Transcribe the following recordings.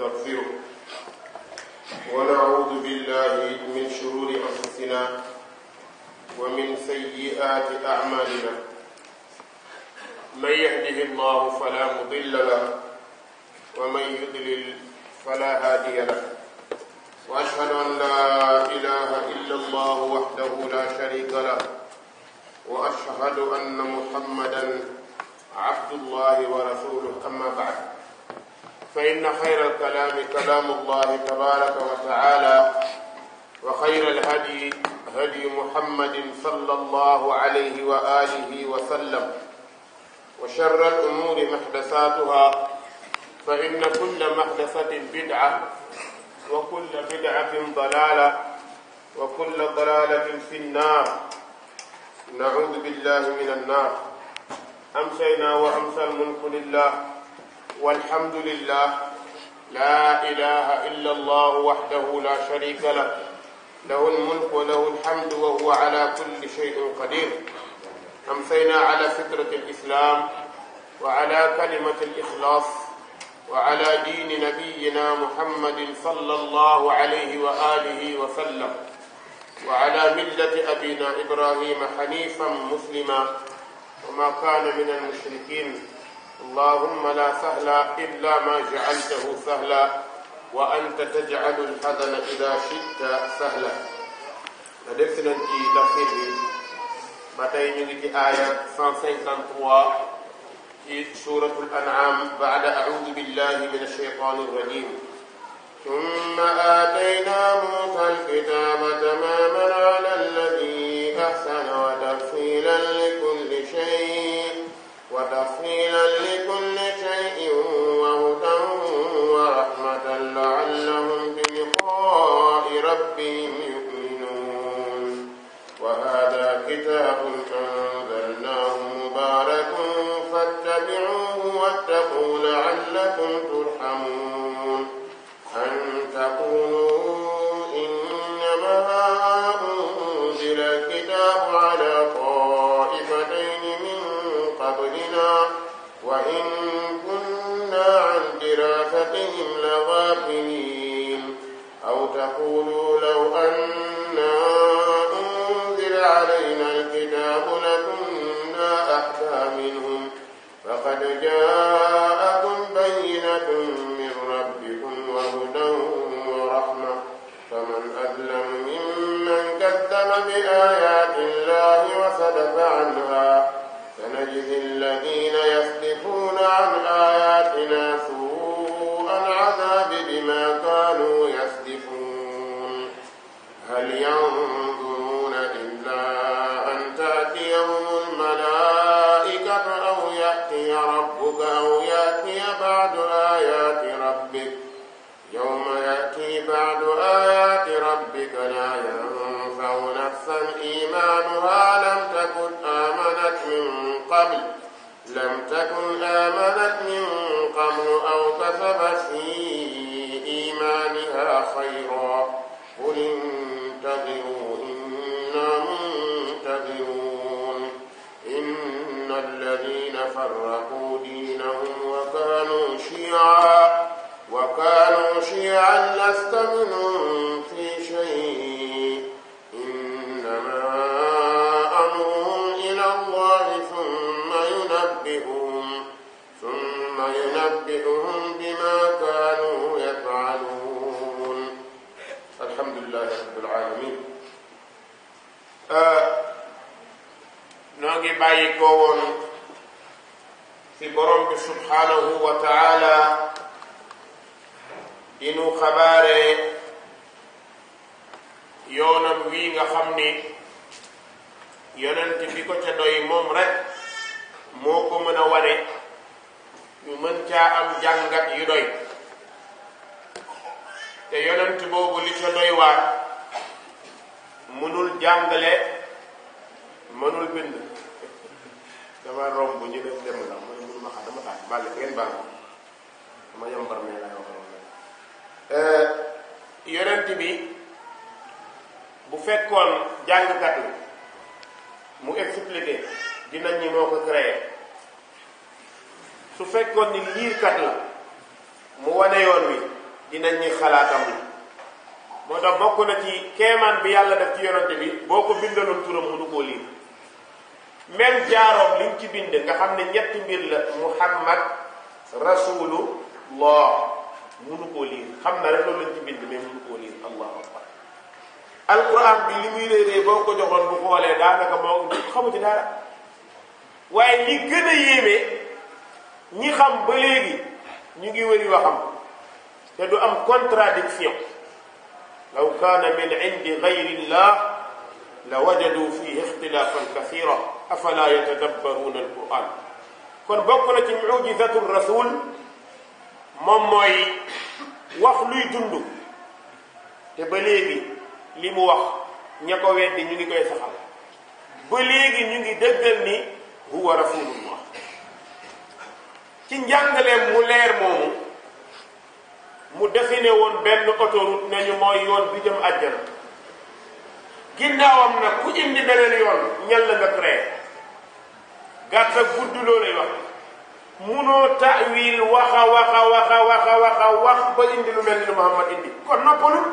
ونستغفره ونعوذ بالله من شرور أنفسنا ومن سيئات أعمالنا من يهده الله فلا مضل له ومن يضلل فلا هادي له وأشهد أن لا إله إلا الله وحده لا شريك له وأشهد أن محمدا عبد الله ورسوله أما بعد فإن خير الكلام كلام الله تبارك وتعالى وخير الهدي هدي محمد صلى الله عليه وآله وسلم وشر الأمور محدثاتها فإن كل محدثة بدعة وكل بدعة ضلالة وكل ضلالة في النار نعوذ بالله من النار أمسينا وأمسى الملك لله والحمد لله لا إله إلا الله وحده لا شريك له له الملك وله الحمد وهو على كل شيء قدير أمسينا على فكرة الإسلام وعلى كلمة الإخلاص وعلى دين نبينا محمد صلى الله عليه وآله وسلم وعلى ملة أبينا إبراهيم حنيفا مسلما وما كان من المشركين اللهم لا سهل إلا ما جعلته سهلا وأنت تجعل الحزن إذا شئت سهلا te def si nañ ci tafsir bi ba tey ñu ngi ci aaya 153 ci suuratul an'aam ba'da a'uudu billahi mina shaytaani rajiim ثم آتينا موسى الكتاب تماما على الذي أحسن وتفصيلا لكل وتفصيلا لكل شيء وهدى ورحمة لعلهم بلقاء ربهم يؤمنون وهذا كتاب أنزلناه مبارك فاتبعوه واتقوا لعلكم تفلحون فيقولوا لو أنا أنزل علينا الكتاب لكنا أحسى منهم فقد جاءكم بينة من ربكم وهدى ورحمة فمن أظلم ممن كذب بآيات الله وصدف عنها سنجزي الذين يستهزئون قبل لم تكن آمنت من قبل أو كسبت في إيمانها خيرا قل انتظروا إنا منتظرون إن الذين فرقوا دينهم وكانوا شيعا وكانوا شيعا لست منهم في Euh, noo ngi bàyyi koo woon ci borom bi subhanahu wa taala di xabaare yoonam wii nga xam ni yonent bi ca doy moom rekk moo ko mën a wane mën caa am jàngat yu doy te boobu li ca doy waar mënul jàngale mënul bind dama romb ñu def dem la ma ne mënu dama taaj bàll ngeen baal ma dama yombar eh, bi bu fekkoon jàngkat yi mu expliqué dinañ ñi ko créé su fekkoon ni liirkat la mu wane yoon wi dinañ ñi xalaatam moo tax bokk na ci keemaan bi yàlla def ci yonante bi boo ko bindaloon turam mënu koo lii même jaaroom liñ ci bind nga xam ne ñetti mbir la muhammad rasulullah mënu koo lii xam na rek loolu lañ ci bind mais mënu koo lii allahu akbar alquran bi li muy réerée boo ko joxoon bu xoolee daanaka moo xamu ci dara waaye li gën a yéeme ñi xam ba léegi ñu ngi wëri waxam te du am contradiction law kaan min indi gayri llah la wajadu fihi ixtilaafan kasiira afalaa yatadabbaruuna alquran kon bokk na ci mucjisatu rasul moom mooy wax luy dund te ba léegi li mu wax ña ko weddi ñu saxal ba léegi ñu ngi dëggal ni huwa rasulullah ci njàngaleem mu leer moomu mu dessiné woon benn autoroute ne ñu mooy yoon bi jëm àjjana ginnaawam nag ku indi beneen yoon ñan la nga créé gàtt ak gudd loo lay wax munoo taawil waxa ba indi lu mel ni Muhammad indi kon noppalul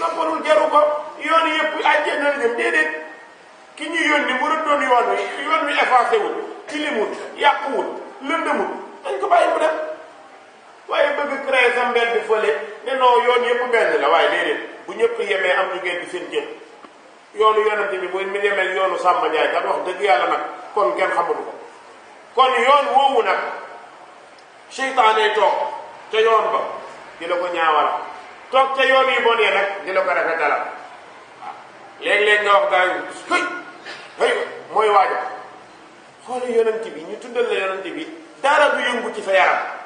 noppalul jaru ko yoon yëpp àjjana la jëm déedéet ki ñu yónni mu rëddoon yoon wi yoon wi effacé wul tilimut yàquwul lëndëmut dañ ko bàyyi mu dem waaye bëgg créer sa mbedd fële ne non yoon yëpp benn la waaye déedéet bu ñëpp yemee am ñu génn seen jëm yoonu yonante bi bu mi demee yoonu Samba Ndiaye wax dëgg yàlla nag kon kenn xamatu ko kon yoon woowu nag seytaane toog ca yoon ba di ko ñaawal toog ca yoon yi bon yi nag di la ko rafetalal waaw léeg-léeg nga wax gaa yi xëy xëy mooy waajo xoolu yonante bi ñu tuddal la yonante bi dara du yëngu ci sa yaram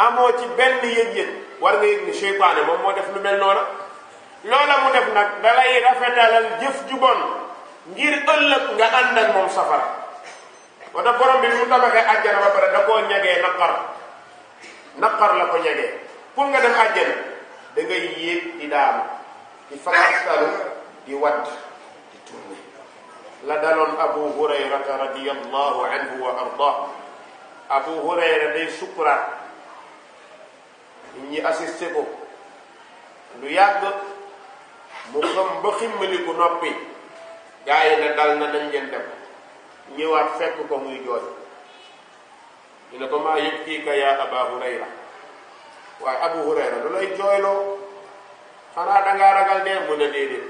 amoo ci benn yëg-yëg war nga yëg ni moom moo def lu mel noona loola mu def nag dalay rafetalal jëf ju bon ngir ëllëg nga ànd ak moom safara moo tax borom bi mu tabaxee àjjana ba pare da koo ñegee naqar naqar la ko ñegee pour nga dem àjjana da ngay yéeg di daanu di fakastalu di wadd di tourné la daloon abu hurayrata radiallahu anhu abu hurayra day ñi assisté ko lu yàgg mu xam ba ximmaliku noppi gaa yi ne dal na nañ leen dem ñëwaat fekk ko muy jooy ñu ne ko maa yëg kii ka yaa Aba Hurayra waaye Abu Hurayra lu lay jooyloo xanaa dangaa ragal dee mu ne déedéet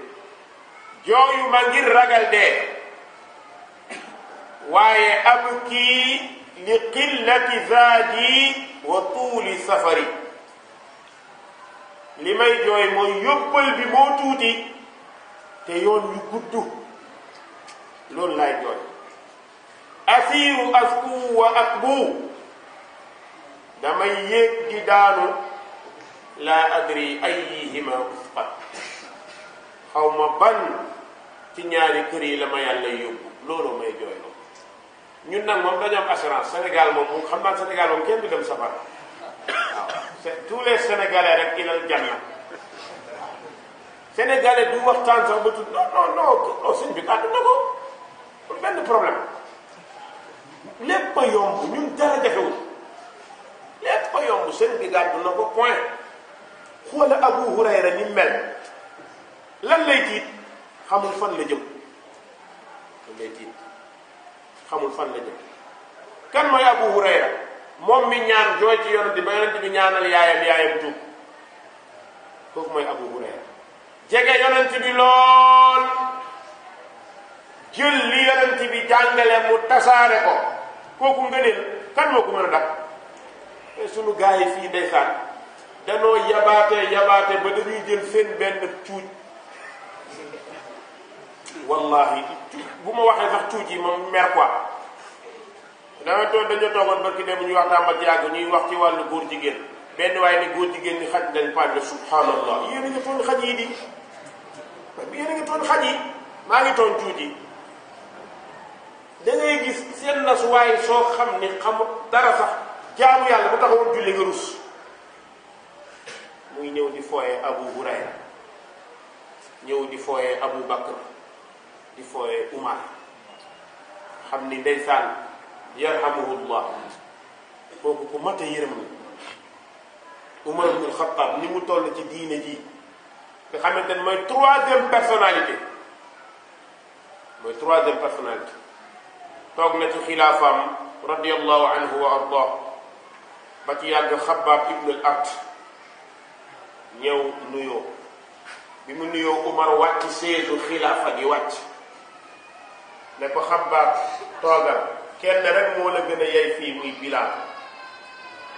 jooyu ma ngir ragal dee waaye abki li qillati zaaji wa tuuli safari li may jooy mooy yóbbal bi moo tuuti te yoon yu gudd loolu laay jooy asiiru asku wa akbu damay yéeg daanu laa adri ayyihima usqat xaw ma ban ci ñaari kër yi la ma yàlla yóbbu loolu may jooy ñun nag moom dañoo assurance Sénégal moom mu xam naa Sénégal moom kenn du dem safara c'est tous les sénégalais rek ilal janna sénégalais du waxtaan sax ba tudd non non non non sëñ bi kàddu na ko pour benn problème lépp a yomb ñun dara jafewul lépp a yomb sëñ bi gàddu na ko point xoola Abu Hurayra ni mel lan lay xamul fan la jëm xamul fan la mooy Abu Hurayra moom mi ñaan jooy ci yonent ba yonent bi ñaanal yaayam yaayam tuub kooku mooy Abu Hurayra jege yonent bi lool jël li yonent bi jàngale mu tasaare ko kooku ngëneel kan moo ko mën a dak te eh, sunu gars yi fii ndeysaan danoo yabaate yabaate ba dañuy jël seen benn cuuj wallahi bu ma waxee sax cuuj yi moom mer quoi dama dañ dañoo toogoon barki dem wax naa ba yàgg ñuy wax ci wàllu góor jigéen benn waaye ne góor jigéen ñi xaj dañ pàcc la subhanallah yéen a ngi toon xaj yi di a ngi toon xaj yi maa ngi toon tuuti da ngay gis seen nasuwaay soo xam ni xamut dara sax jaamu yàlla bu taxawul julli nga rus muy ñëw di fooyee Abu Hurayra ñëw di fooye Abu Bakr di fooyee Umar xam ni ndeysaan yarhamuhullah kooku ku mat a yërëm la Umar ibn ni mu toll ci diine ji nga xamante ne mooy troisième personnalité mooy troisième personnalité toog na ci xilaafaam wa ardah ba ci yàgg Xabbaab ibn al-Art ñëw nuyoo bi mu nuyoo Umar wàcc seesu xilaafa ne ko Xabbaab toogal kenn rek moo la gën a yey fii muy Bilaal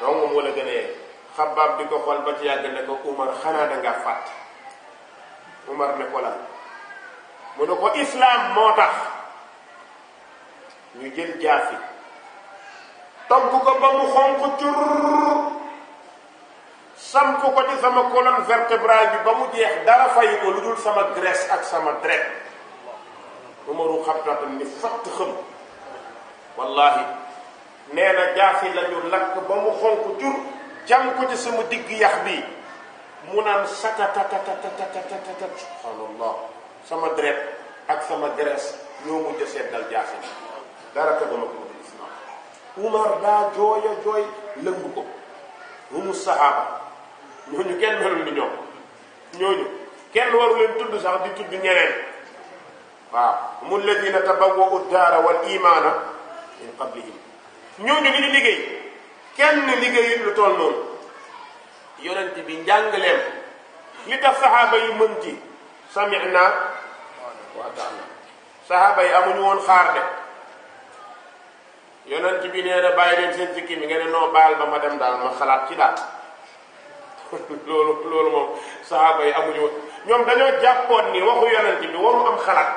donc moo la gën a yey xabaab bi ko xool ba ci yàgg ne ko Umar xanaa da nga fàtt Umar ne mu ne ko islaam moo tax ñu jël jaafi togg ko ba mu xonq cur samp ko ci sama colonne vertébrale bi ba mu jeex dara fay ko lu dul sama graisse ak sama dret Umaru xabtaatan ni fatt xëm wallahi nee na jaasi lañu lakk ba mu xonk jur jam ko ci sama digg yax bi mu naan satatatatatatatatatat subhaanallah sama deret ak sama graisse ñoo mujj a seddal jaasi dara teguma ko ci islam Umar daa jooya jooy lëngu ko humu sahaaba ñooñu kenn warul lu ñoom ñooñu kenn waru leen tudd sax di tudd ñeneen waaw mu ladina tabawwa'u daara wal imaana min qablihim ñooñu liggéey kenn liggéeyut lu toll noonu yonent bi njàngaleem li tax saxaaba yi mën ci samina wa ataana saxaaba yi amuñu woon xaar de yonent bi nee na bàyyi leen seen sikki mi nga ne noo baal ba ma dem daal ma xalaat ci daal loolu loolu moom saxaaba yi amuñu woon ñoom dañoo jàppoon ni waxu yonent bi warul am xalaat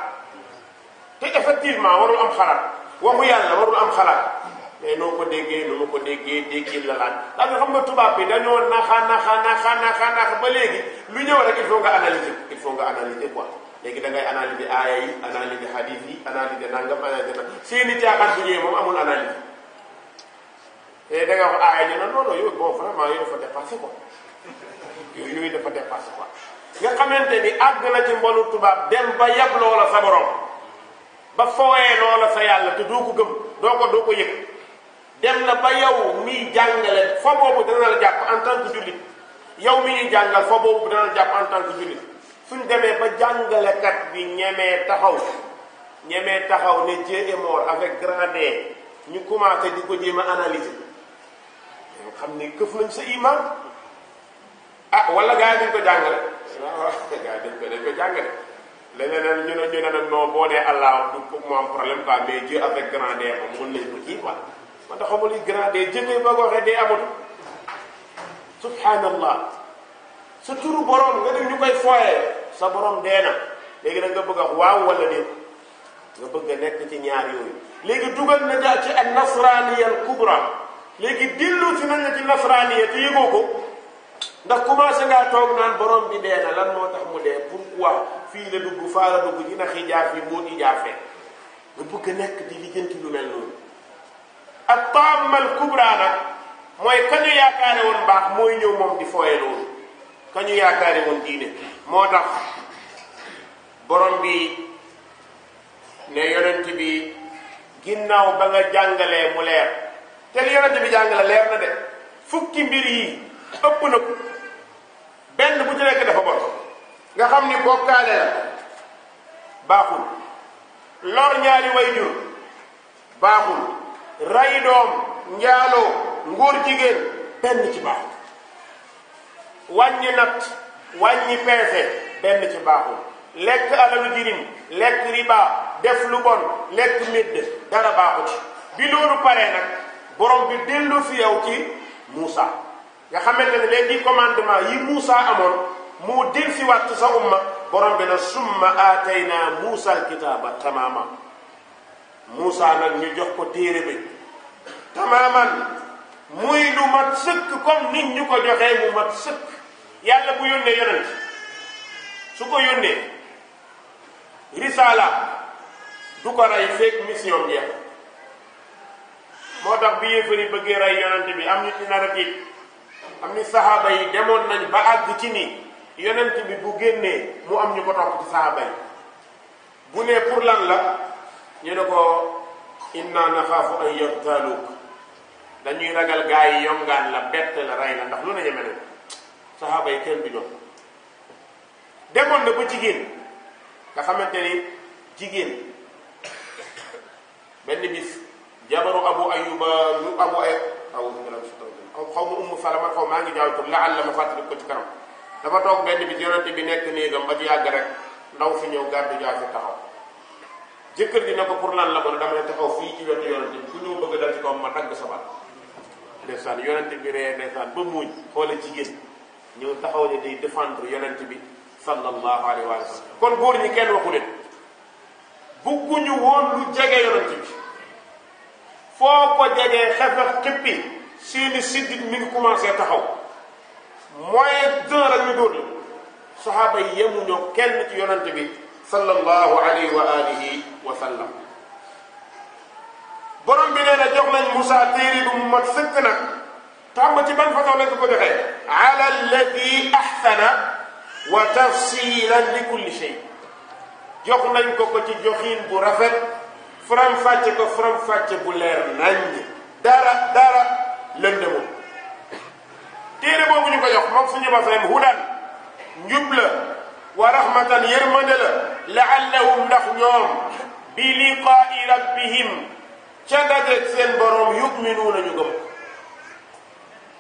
te effectivement warul am xalaat waxu yàlla warul am xalaat mais noo ko déggee nu ma ko déggee déggee la laaj ndax nga xam nga tubaab bi dañoo naxa naxa naxa naxa naxa ba léegi lu ñëw rek il faut nga analyser il faut nga analyser quoi léegi da ngay analyser aaya yi analyser hadith yi analyser nangam analyser nangam seeni caaxaan bu ñëwee moom amul analyse te eh, da nga wax aaya ñu ne non non yow bon vraiment yow dafa dépassé quoi yooyu dafa dépassé quoi nga xamante ni àgg na ci mbolu tubaab dem ba yab loola sa borom. ba fowee loola sa yàlla te doo ko gëm doo ko doo ko yëg dem na ba yow miy jàngale fo boobu dana la jàpp en jullit yow mi ñuy jàngal fo boobu dana la jàpp en tant que jullit suñ demee ba jàngalekat bi ñemee taxaw ñemee taxaw ne Dieu est mort avec grand D ñu commencé di ko jéem a analyser nga xam ne këf nañ sa iman ah wala gars yi ko jàngale waaw waaw gars yi dañ ko jàngale leneen ñu ne ñu ne nag non boo nee allah du pour mu am problème quoi mais Dieu avec grand D moom mën nañu ko kii quoi man da xamul grand subhanallah sa turu borom nga dem ñu koy fooyee sa borom dee na léegi nag nga bëgg a wax waaw wala déet nga bëgg a nekk ci ñaar yooyu léegi dugal na daal ci ak nasraniya al kubra léegi dillu ci nañ la ci nasraniya te yëgoo ko ndax commencé ngaa toog naan borom bi dee na lan moo tax mu dee pourquoi fii la dugg faa la dugg dina xi jaar fi moo di jaar nga bëgg nekk di lijjanti lu mel noonu ak taamal kubra mooy ka ñu yaakaare woon baax mooy ñëw moom di fooye loolu ka ñu yaakaare woon diine moo tax borom bi ne yonent bi ginnaaw ba nga jàngalee mu leer te li yonent bi jàngale leer na de fukki mbir yi ëpp na benn bu ci nekk dafa bon nga xam ni bokkaale la baaxul lor ñaari wayjur baaxul ray doom njaaloo nguur jigéen benn ci baaxul wàññi natt wàññi peese benn ci baaxul lekk alalu jirim lekk riba def lu bon lekk médd dara baaxu ci bi loolu paree nag borom bi dellu fi yow ci muusa nga xamante ne léegi commandement yi Moussa amoon mu del wattu sa umma borom bi na summa aatayna muusa alkitaaba tamaama muusa nag ñu jox ko téere bi tamaaman muy lu mat sëkk comme nit ñu ko joxee mu mat sëkk yàlla bu yónnee yonent su ko yónnee risaala du ko rey fekk mission jeex moo tax bi yéefar yi bëggee rey yonent bi am ñu ci nar am ni saxaaba yi demoon nañ ba àgg ci nii yenent bi bu génnee mu am ñu ko topp saaba yi bu ne pour lan la ñu ne ko inna naxaafu an yaqtaaluuk dañuy ragal gaa yi yongaan la bett la rey la ndax lu ne ñeme ne saxaaba yi kenn du ñoom demoon na ba jigéen nga xamante ni jigéen benn bis jabaru abu ayuba lu abu ay aw xaw ma umm salama xaw maa ngi jaaw tur la àll ma fàttali ko ci kanam dafa toog benn bi yonente bi nekk néegam ba ci yàgg rek ndaw si ñëw gàddu jaasi taxaw jëkkër ji ne ko pour lan la mën a dama ne taxaw fii ci wetu yonente bi ku ñëw bëgg dal ci kawam ma dagg sa baat ndeysaan yonente bi ree ndeysaan ba muuñ xoola jigéen ñëw taxaw ne day défendre yonent bi sallallahu alayhi wa sallam kon góor ñi kenn waxu leen bugguñu woon lu jege yonent bi foo ko jegee xefe xippi seeni siddit mi ngi commencé taxaw moins d'un rek ñu dóor ñu saxaaba yi yemuñoo kenn ci yonante bi sallallahu alayhi wa alihi wa sallam borom bi nee na jox nañ Moussa téere bu mu mat sëkk nag tàmm ci ban façon lañ ko joxee ala alladi ahsana wa tafsilan li kulli shay jox nañ ko ko ci joxiin bu rafet faram fàcce ko faram fàcce bu leer nañ dara dara lëndëmul téere boobu ñu ko jox moom suñu ba fayam hudan njub la wa rahmatan yërmande la laallahum ndax ñoom bi liqaai rabbihim ca dajeeg seen borom yuminuuna ñu gëm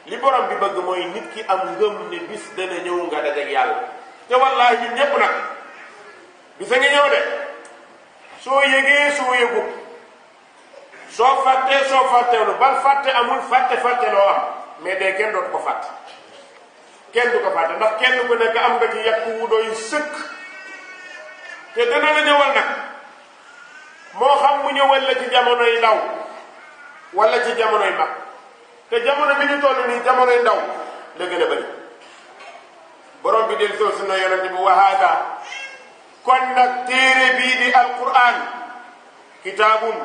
li borom bi bëgg mooy nit ki am ngëm ne bis dana ñëw nga dajeeg yàlla te wallaahi ñun ñépp nag bi sa nga ñëw de soo yëgee soo yëgu soo fàttee soo fàttewlu bal fàtte amul fàtte fàtte loo am mais dee kenn dootu ko fàtte kenn du ko fàtte ndax kenn ku nekk am nga ci yàq wu doy sëkk te dana la ñëwal moo xam mu ñëwal la ci ndaw wala ci jamonoy mag te jamono bi ñu toll nii jamonoy ndaw la gën a bëri borom bi del soo sunna yonente bi wahaada kon nag téere bii di alquran kitaabun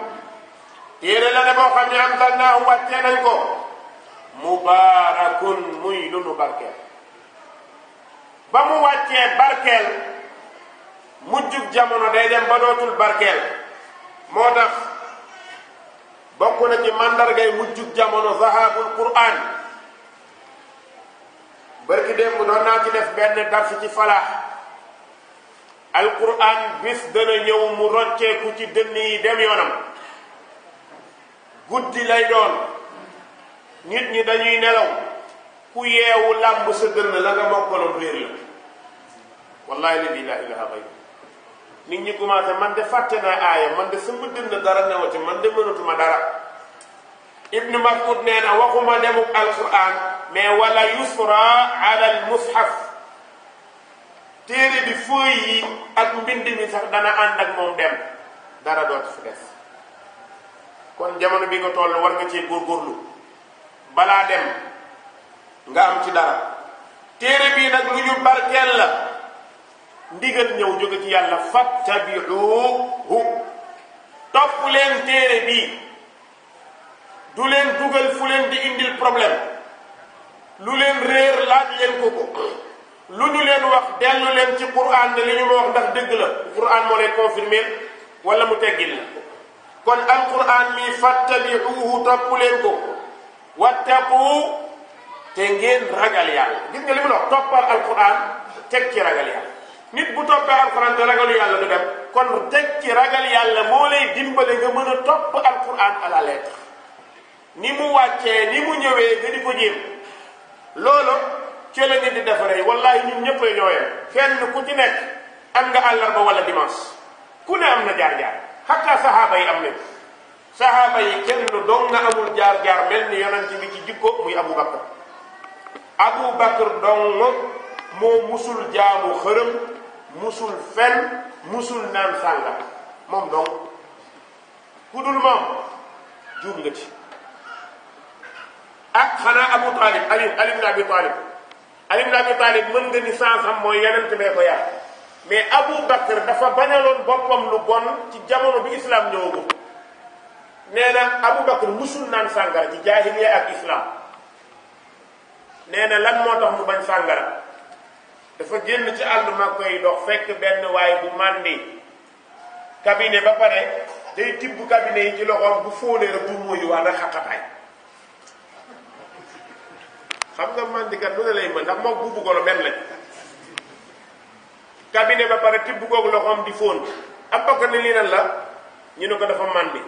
téere la ne boo xam ne am dal naa wàccee ko mubaarakun muy lu nu barkeel ba mu wàccee barkeel mujjug jamono day dem ba dootul barkeel moo tax bokk na ci màndargay mujjug jamono zahabul qur'an barki démb doon naa ci def benn dars ci falaax alquran bis dana ñëw mu rocceeku ci dënn dem yoonam guddi lay doon nit ñi dañuy nelaw ku yeewu làmb sa dënn la nga mokkaloon réer la wallahi la laa ilaha xayr nit ñi commencé man de fàtte naa aaya man de sama dënn dara newati man de mënatuma dara ibnu mas'ud nee na waxuma demuk alquran mais walla yusra ala al mushaf téere bi fooy ak mbind mi sax dana ànd ak moom dem dara dootu fi des kon jamono bi nga toll war nga cee góorgóorlu balaa dem nga am ci dara téere bii nag lu ñu barkeel la ndigal ñëw jóge ci yàlla fattabiuhu topp leen téere bii du leen dugal fu leen di indil problème lu leen réer laaj leen ko ko lu ñu leen wax dellu leen ci Qur'an ne li ñu wax ndax dëgg la Qur'an moo lay confirmer wala mu teggil la kon al Qur'an mi fattabiuhu topp leen ko wattaqu te ngeen ragal yàlla gis nga li mu la wax toppal alquran teg ci ragal yàlla nit bu toppee alquran te ragalu yàlla du dem kon teg ci ragal yàlla moo lay dimbale nga mën a topp alquran à la lettre ni mu wàccee ni mu ñëwee nga di ko jéem loolu ci la nit di defaree wallahi ñun ñëpp a ñooyee kenn ku ci nekk am nga àllarba wala dimanche ku ne am na jaar-jaar xataa saxaaba yi am nañ saxaaba yi kenn dong na amul jaar-jaar mel ni yonent bi ci jikko muy Abu Bakar Abu Bakar dong moo musul jaamu xërëm musul fen musul naan sànga moom dong ku moom juum nga ci ak xanaa Abu Talib Ali Ali ibn Abi Talib Ali ibn Abi Talib mën nga ni sansam mooy yonent bee ko yar mais Abu Bakar dafa bañaloon boppam lu bon ci jamono bi islam ñëwagul nee na Aboubacar musul naan sàngara ci jaahiliya ak islam nee na lan moo tax mu bañ sàngara dafa génn ci àll ma koy dox fekk benn waaye bu màndi cabinet ba pare day tibb cabinet yi ci loxoom bu fóonee rek du mooyu wala xaqataay xam nga màndikat lu ne lay mën ndax moom buubu golo benn lañ ba pare tibb googu loxoom di fóon Aboubacar ne lii lan la ñu ne ko dafa màndi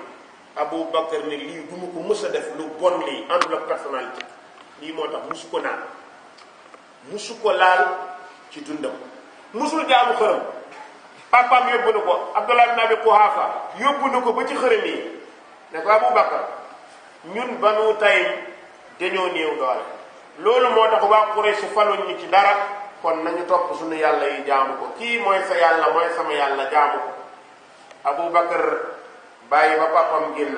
Abu Bakar ne lii du ma ko mës def lu bon lii enveloppe personnalité lii moo tax musu ko naan musu ko laal ci dundam musul jaamu xërëm papaam yóbbu na ko Abdullah ibn Abi Quhafa yóbbu na ko ba ci xërëm yi ne ko Abu Bakar ñun banu tey dañoo néew doole loolu moo tax waa Quraysh su faluñ ñu ci dara kon nañu topp suñu yàlla yi jaamu ko kii mooy sa yàlla mooy sama yàlla jaamu ko Abu Bakar bàyyi ba papam génn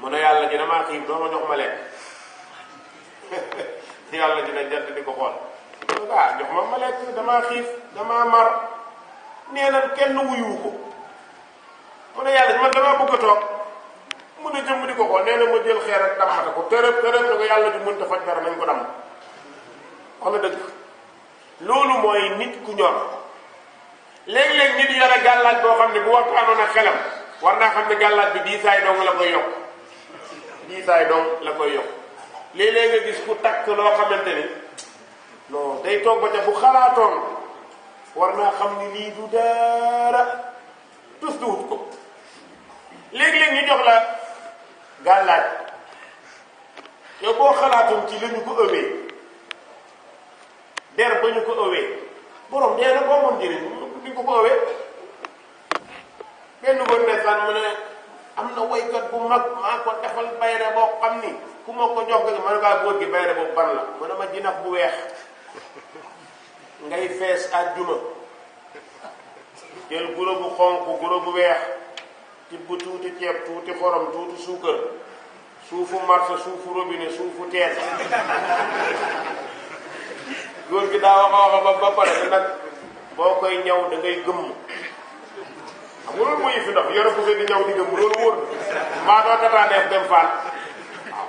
mu ne yàlla ji damaa xiif doo ma jox ma lekk yàlla ji ne jant di ko xool ah jox ma ma lekk damaa xiif damaa mar nee na kenn wuyu ko mu ne yàlla ji man damaa bëgg a toog mu ne jëmm di ko xool nee ma jël xeer ak dammata ne ko yàlla ji mënta faj dara nañ ko damm wala dëgg loolu mooy nit ku ñor léeg-léeg nit yore gàllaaj boo xam ne bu waxtaanoon ak xelam war naa xam ne gàllaat bi diisaay dong la koy yokk diisaay dong la ko yokk léeg-léeg nga gis ku takk loo xamante ni non day toog bu xalaatoon war naa xam ni lii du dara tus du wut ko léeg-léeg ñu jox la gàllaaj yow boo xalaatoon ci li ñu ko ëwee der ba ñu ko ëwee borom dee boo moom njëriñ di ko ko ëwee kenn ko ndeysaan mu ne am na woykat bu mag maa ko defal bayre boo xam ni ku ma ko jox ko ma ne ah góor gi bayre bu ban la mu ne ma jinax bu weex ngay fees àjjuma jël guro bu xonq guro bu weex ci bu tuuti ceeb tuuti xorom tuuti suukar suufu marché suufu robinet suufu teen góor gi daa wax a wax ba pare nag boo koy ñaw da ngay gëmm loolu mooy fi ndox yore puso di ñaw di gëm loolu wóor maa doo tataneef dem faal waaw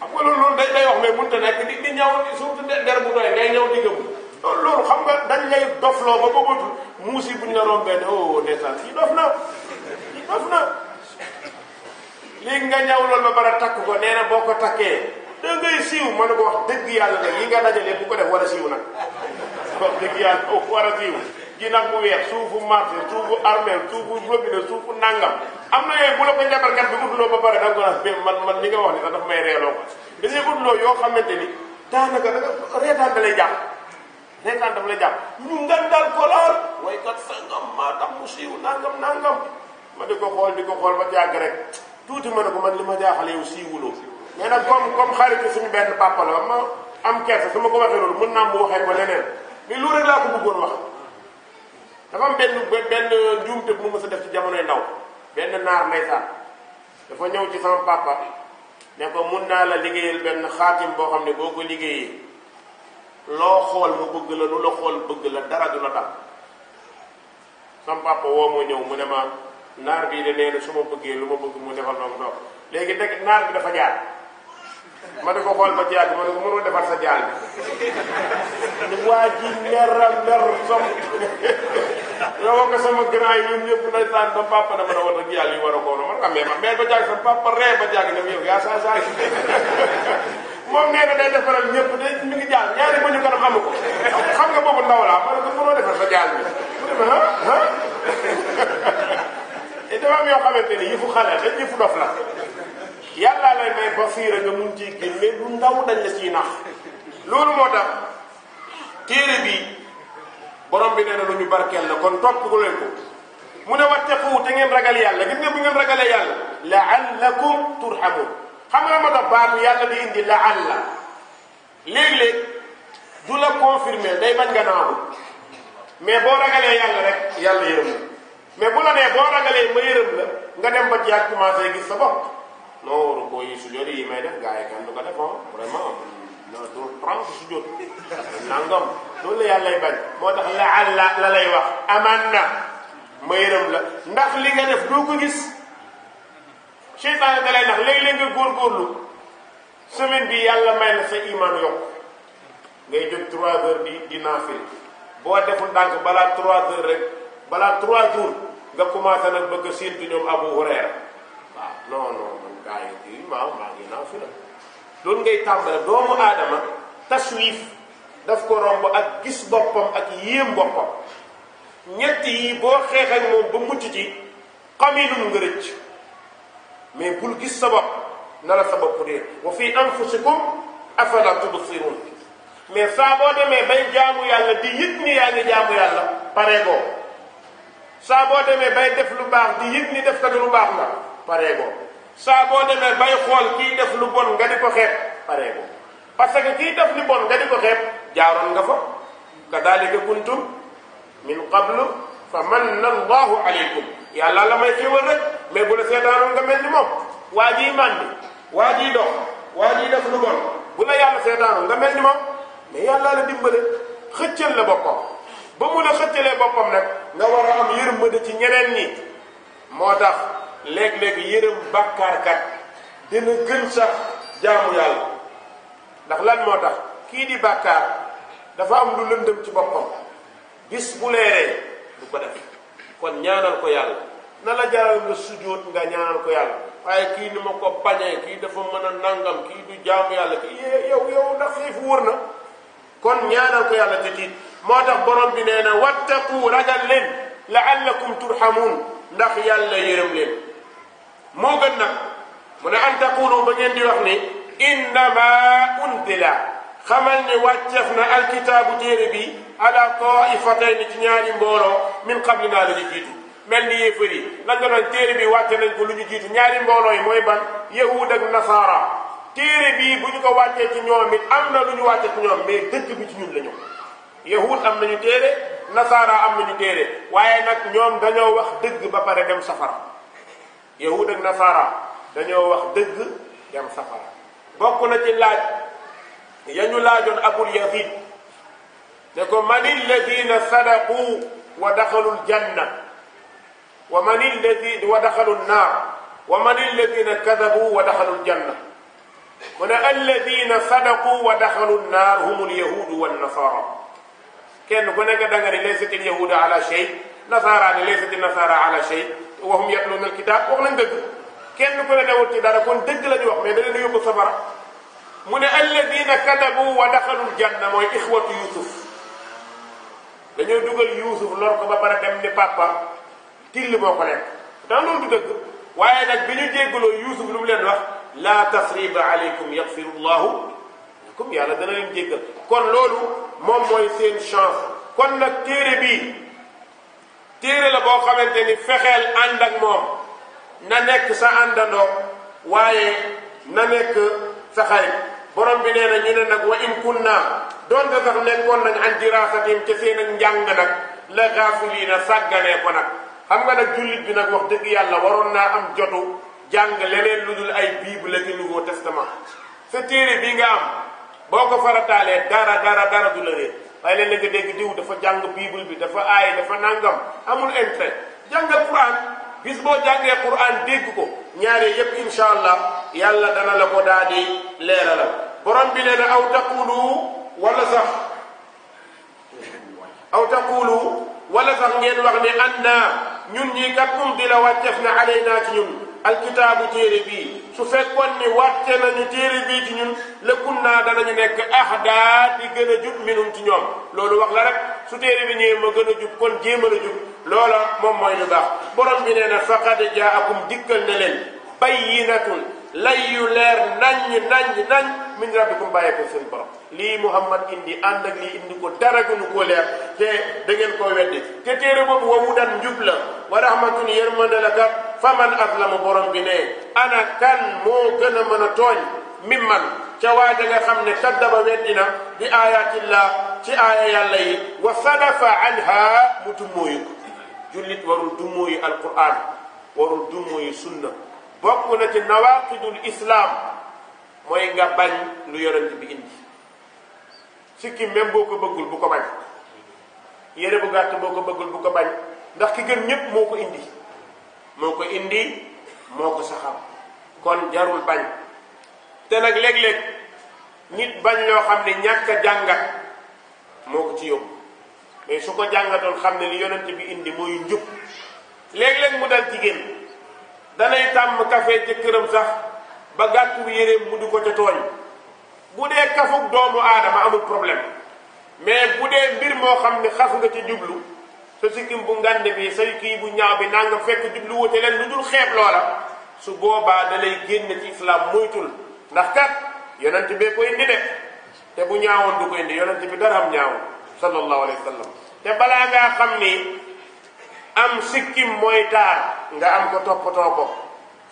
xam nga loolu loolu day day wax mais mënut a nekk di di ñaw surtout der bu doy ngay ñaw di gëm loolu loolu xam nga dañ lay dofloo ba bëggatul muusi buñ la rombee ne oh ndeysaan yi dof na yi dof na léegi nga ñaw loolu ma bara takk ko nee na boo ko takkee da ngay siiw mën ko wax dëgg yàlla nag yi nga dajale bu ko def war a na nag wax dëgg yàlla oh, war a siiw ginaaw bu weex suufu marché suufu armeel suufu robinet suufu nangam am na yooyu bu la ko njabarkat bi utloo ba pare da nga ko man man li nga wax ni sax dafa may yoo xamante ni daanaka da nga da lay jàpp reetaan dafa lay jàpp ñu ngandal ko lool way kat sangam maa tax mu siiw nangam nangam ma di ko xool di ko xool ba jàgg rek tuuti ma ne ko man li ma jaaxale yow siiwuloo mais nag comme comme xaritu suñu benn papa la ma am kersa su ma ko waxee loolu mën naa mu waxee ko leneen mais lu rek laa ko bëggoon wax dafa am benn benn njuumte bu mu mës def ci jamonoy ndaw benn naar ndeysaan dafa ñëw ci sama papa ne ko mun naa la liggéeyal benn xaatim boo xam ne boo ko liggéeyee loo xool mu bëgg la lu la xool bëgg la dara du la dal sama papa woo ma ñëw mu ne ma naar bii de nee su ma bëggee lu ma bëgg mu defal ma mu doog léegi nag naar bi dafa jaar ma ne ko xool ba jaag ma ne ko mënoo defar sa jaal bi waa ji mer a mer som yow ak sama grand yi ñoom ñëpp lay naan ba papa a ma mais ba jàng sama papa ree ba jàng dem yow yaa saa saa yi moom nee na day defaral ñëpp day mi ngi jàng ñaari ba ñu kanam amu ko xam ah, ah. yoo xamante ni yëfu xale dañ la yàllaa lay may basiira nga mun ciy génne lu ndaw dañ la ciy nax loolu moo tax téere bi borom bi nee na lu ñu barkeel la kon topp ko leen ko mu ne wattaqu te ngeen ragal yàlla gis nga bu ngeen ragalee yàlla laallakum turhamun xam nga ma tax baatu yàlla di indi laalla léeg du la confirmer day bañ nga naagu mais boo ragalee yàlla rek yàlla yërëm la mais bu la nee boo ragalee ma yërëm la nga dem ba ci yàgg commencé gis sa bopp non ruko yi su jori yi may def gars yi kan ko defoon ah, vraiment non doo trente sujjóot nangam loolu la moo tax la àlla la lay wax amaan na ma la ndax li nga def doo ko gis seytaane da lay nax léeg-léeg nga góorgóorlu semaine bi yàlla may la sa iman yokk ngay jóg trois heures di di naafil boo deful ndànk balaa trois heures rek balaa trois jours nga commencé nag bëgg a séentu ñoom Abu Hurayra non non man gars yi maa maa ngi naafila loolu ngay tàmbale doomu aadama taswif daf ko romb ak gis boppam ak yéem boppam ñett yi boo xeex ak moom ba mucc ci xamilun nga rëcc mais bul gis sa bopp na la sa bopp dee wa fi anfusikum afala tubsirun mais saa boo demee bay jaamu yàlla di yëg ni yaa ngi jaamu yàlla pareegoo saa boo demee bay def lu baax di yëg ni def kat lu baax pare pareegoo saa boo demee bay xool kii def lu bon nga di ko xeeb paree parce que kii def lu bon nga di ko xeeb jaaroon nga fa kadalika kuntum min qablu fa na allahu alaykum yàlla la may xéewal rek mais bu la seetaanoon nga mel ni moom waa jii màndi waa jii dox waa jii def lu bon bu la yàlla seetaanoon nga mel ni moom mais yàlla la dimbale xëccal la boppam ba mu la xëccalee boppam nag nga war a am yërmande ci ñeneen ñi moo tax léeg-léeg yërëm bàkkaarkat dina gën sax jaamu yàlla ndax lan moo tax kii di bàkkaar dafa am lu lëndëm ci boppam bis bu leeree du ko def kon ñaanal ko yàlla na la jaral nga sujjóot nga ñaanal ko yàlla waaye kii ni ma ko bañee kii dafa mën a nangam kii du jaamu yàlla kii yow yow ndax xiif wóor na kon ñaanal ko yàlla te tiit moo tax borom bi nee na wattaqu ragal leen laallakum turhamuun ndax yàlla yërëm leen moo gën nag mu ne an taqulu ba ngeen di wax ni innama unzila xamal ni wàcceef na alkitaabu téere bi ala taifatayni ci ñaari mbooloo min qablina la ñu jiitu mel ni yéefar yi lan nga doon bi wàcce nañ ko lu ñu jiitu ñaari mbooloo yi mooy ban yahud ak nasaara téere bi bu ñu ko wàccee ci ñoom mi am na lu ñu wàcce ci ñoom mais dëkk bi ci ñun la ñu yahud am nañu téere nasaara am nañu téere waaye nag ñoom dañoo wax dëgg ba pare dem safara yahud ak nasara dañoo wax dëgg dem safara bokk na ci laaj ya ñu laajoon abul yazid ne ko man alladina sadaqu wa daxalu ljanna wa man alladi wa daxalu nnaar wa man alladina kadabu wa daxalu ljanna mu ne alladina sadaqu wa daxalu nnaar hum lyahudu wannasara kenn ku nekk da nga ne laysat alyahuda ala shay nasara ne laysat nasara ala shay waxum yatluuna alkitaab wax nañ dëgg kenn ku ne newul ci dara kon dëgg la ñu wax mais da leen yóbbu safara mu ne alladina kadabu wa daxalul janna mooy ixwatu yusuf dañoo dugal yusuf lor ko ba pare dem ni papa till boo ko lekk daan loolu du dëgg waaye nag bi ñu jéggaloo yusuf lu mu leen wax laa tasriba aleykum yaxfiru llahu lakum yàlla dana leen jéggal kon loolu moom mooy seen chance kon nag téere bii téere la boo xamante ni fexeel ànd ak moom na nekk sa àndandoo waaye na nekk sa xarit borom bi nee na ñu ne nag wa in kunna doonte sax nekkoon nañ an diraasatim ca seen ak njàng nag la gaafiliina sàgganee ko nag xam nga nag jullit bi nag wax dëgg yàlla waroon naa am jotu jàng leneen lu dul ay bu ci nouveau testament sa téere bi nga am boo ko farataalee dara dara dara du la réer waaye léeg-léeg dégg diw dafa jàng bible bi dafa aay dafa nangam amul intérêt jàngal quran bis boo jàngee quran dégg ko ñaare yépp insha allah yàlla dana la ko daal di leeralal borom bi nee na aw taqulu wala sax aw taqulu wala sax ngeen wax ne an naa ñun ñii kat um la wàccef na alay ñun alkitaabu téere bii su fekkoon ni wàcce nañu téere bii ci ñun lëkkun naa danañu nekk ahdaa di gën a jub minum ci ñoom loolu wax la rek su téere bi ñëwee ma gën a jub kon jéem a jub loola moom mooy lu baax borom bi nee na faqad jaakum dikkal na leen bayyinatun lay yu leer naññ naññ nañ min rabbikum bàyyee ko seen borom lii muhammad indi ànd lii indi ko dara gënu koo leer te da ngeen koo weddi te téere boobu wa hudan njub la wa rahmatun yërmande la kat faman aslamu borom bi ne ana kan moo gën a mën a tooñ mi man ca waaja nga xam ne kaddaba weddina bi ayatillah ci aaya yàlla yi wa sadafa anha mu dummóoyu jullit warul dummóoyu alquran warul dummóoyu sunna bokk na ci nawaqidul islaam mooy nga bañ lu yonent bi indi sikki même boo ko bëggul bu ko bañ yére bu gàtt boo ko bëggul bu ko bañ ndax ki gën ñépp moo ko indi moo ko indi moo ko saxal kon jarul bañ te nag léeg-léeg nit bañ loo xam ne ñàkk a jàngat moo ko ci yóbbu mais su ko jàngatoon xam ne li yonent bi indi mooy njub léeg-léeg mu dal jigéen tàmm kafe jëkkëram sax ba gàttu yéreem mu di ko ca tooñ bu dee kafuk doomu aadama amul problème mais bu dee mbir moo xam ne xaf nga ci jublu sa sikkim bu ngande bi say kii bu ñaaw bi nanga fekk jublu wute leen lu dul xeeb loola su boobaa da lay génn ci islam moytul ndax kat yonent bee ko indi de te bu ñaawoon du ko indi yonent bi dara am ñaaw sallallahu alayhi wa te balaa ngaa xam ni am sikkim mooy nga am ko toppatoo ko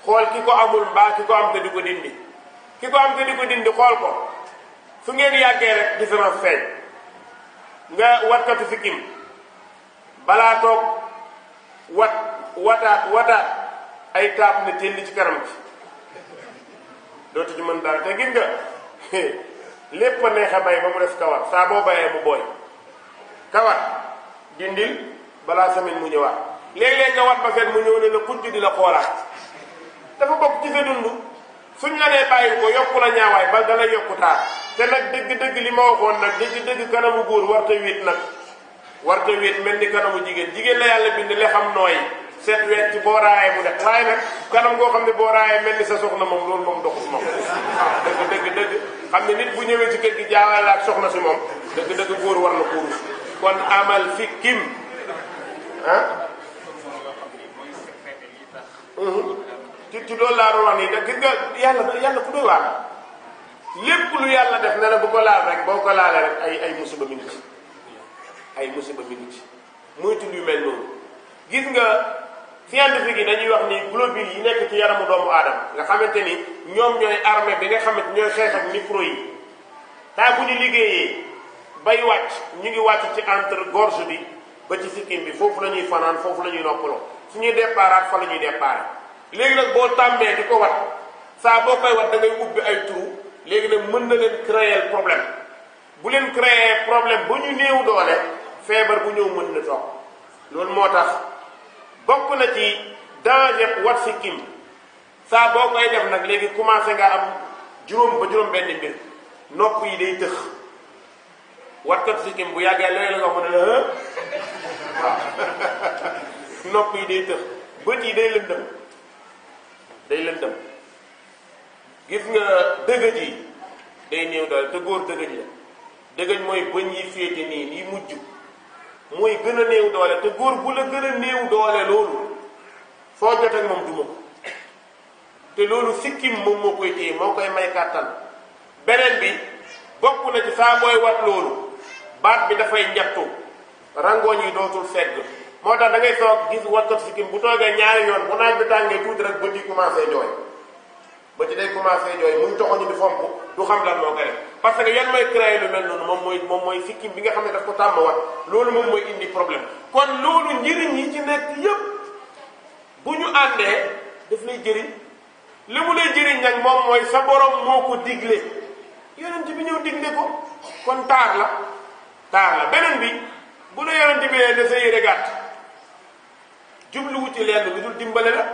xool ki ko amul mbaa ki ko am te di ko dindi ki ko am te di ko dindi xool ko su ngeen yàggee rek différence feeñ nga watkatu sikkim balaa toog wat wataat wataat ay taab ne telli ci kanam ci dootu ci mën dara te gis nga lépp a neex a bay ba mu def kawar saa boo bayee mu booy kawar dindil balaa semaine mu ñëwaat léeg-léeg nga wat ba fet mu ñëw ne la kujj di la xoolaat dafa bokk ci sa dund suñ la nee bàyyi ko yokku la ñaawaay ba dana yokku taar te nag dëgg-dëgg li ma waxoon nag dëgg-dëgg kanamu góor warta wéet nag warta wéet mel ni kanamu jigéen jigéen la yàlla bind le xam nooy seet wéet ci boo raayee mu def waaye kanam goo xam ne boo raayee mel ni sa soxna moom loolu moom doxul moom waaw dëgg dëgg dëgg xam ne nit bu ñëwee ci kër gi jaawale soxna si moom dëgg dëgg góor war na kóoru kon amal fi kim ah ci ci loolu laa doon wax nii da gis nga yàlla yàlla ku doy lépp lu yàlla def ne bu ko laal rek boo ko laalee rek ay ay musiba mi ngi ay musiba mi ngi ci moytu lu mel noonu gis nga scientifique yi dañuy wax ni globules yi nekk ci yaramu doomu aadama nga xamante ni ñoom ñooy armée bi nga xamante ñooy xeex ak micro yi taa bu ñu liggéeyee bay wàcc ñu ngi wàcc ci entre gorge bi ba ci sikkim bi foofu la ñuy fanaan foofu la ñuy noppaloo su ñuy départ fa ñuy départ. léegi nag boo tàmbee di ko wat saa boo koy wat dangay ngay ubbi ay trou léegi nag mën na leen créer problème bu leen créer problème ba ñu néew doole feebar bu ñëw mën na toog loolu moo tax bokk na ci danger wat sikkim saa boo koy def nag léegi commencé nga am juróom ba juróom benn mbir nopp yi day tëx watkat sikkim bu yàggee leneen la ko mën a waaw nopp yi day tëx bët yi day lëndëm day lëndëm gis nga dëgëj yi day néew daal te góor dëgëj la dëgëj mooy bëñ yi féete nii yi mujj mooy gën a néew doole te góor bu la gën a néew doole loolu foo ak moom duma ko te loolu sikkim moom moo koy téye moo koy may kàttan beneen bi bokk na ci saa booy wat loolu baat bi dafay njattu rangooñ yi dootul segg moo tax da ngay soog gis watkat sikkim bu toogee ñaari yoon bu naaj bi tàngee tuuti rek bët yi commencé jooy bët yi day commencé jooy muy toxoñu di fomp du xam lan moo koy def parce que yan mooy créer lu mel noonu moom mooy moom mooy sikkim bi nga xam ne daf ko tàmm wat loolu moom mooy indi problème kon loolu njëriñ yi ci nekk yépp bu ñu àndee daf lay jëriñ li mu lay jëriñ nag moom mooy sa borom moo ko digle yonent bi ñëw digle ko kon taar la taar beneen bi bu la yonent bi ne sa yére jubluwu ci lenn lu dul dimbale la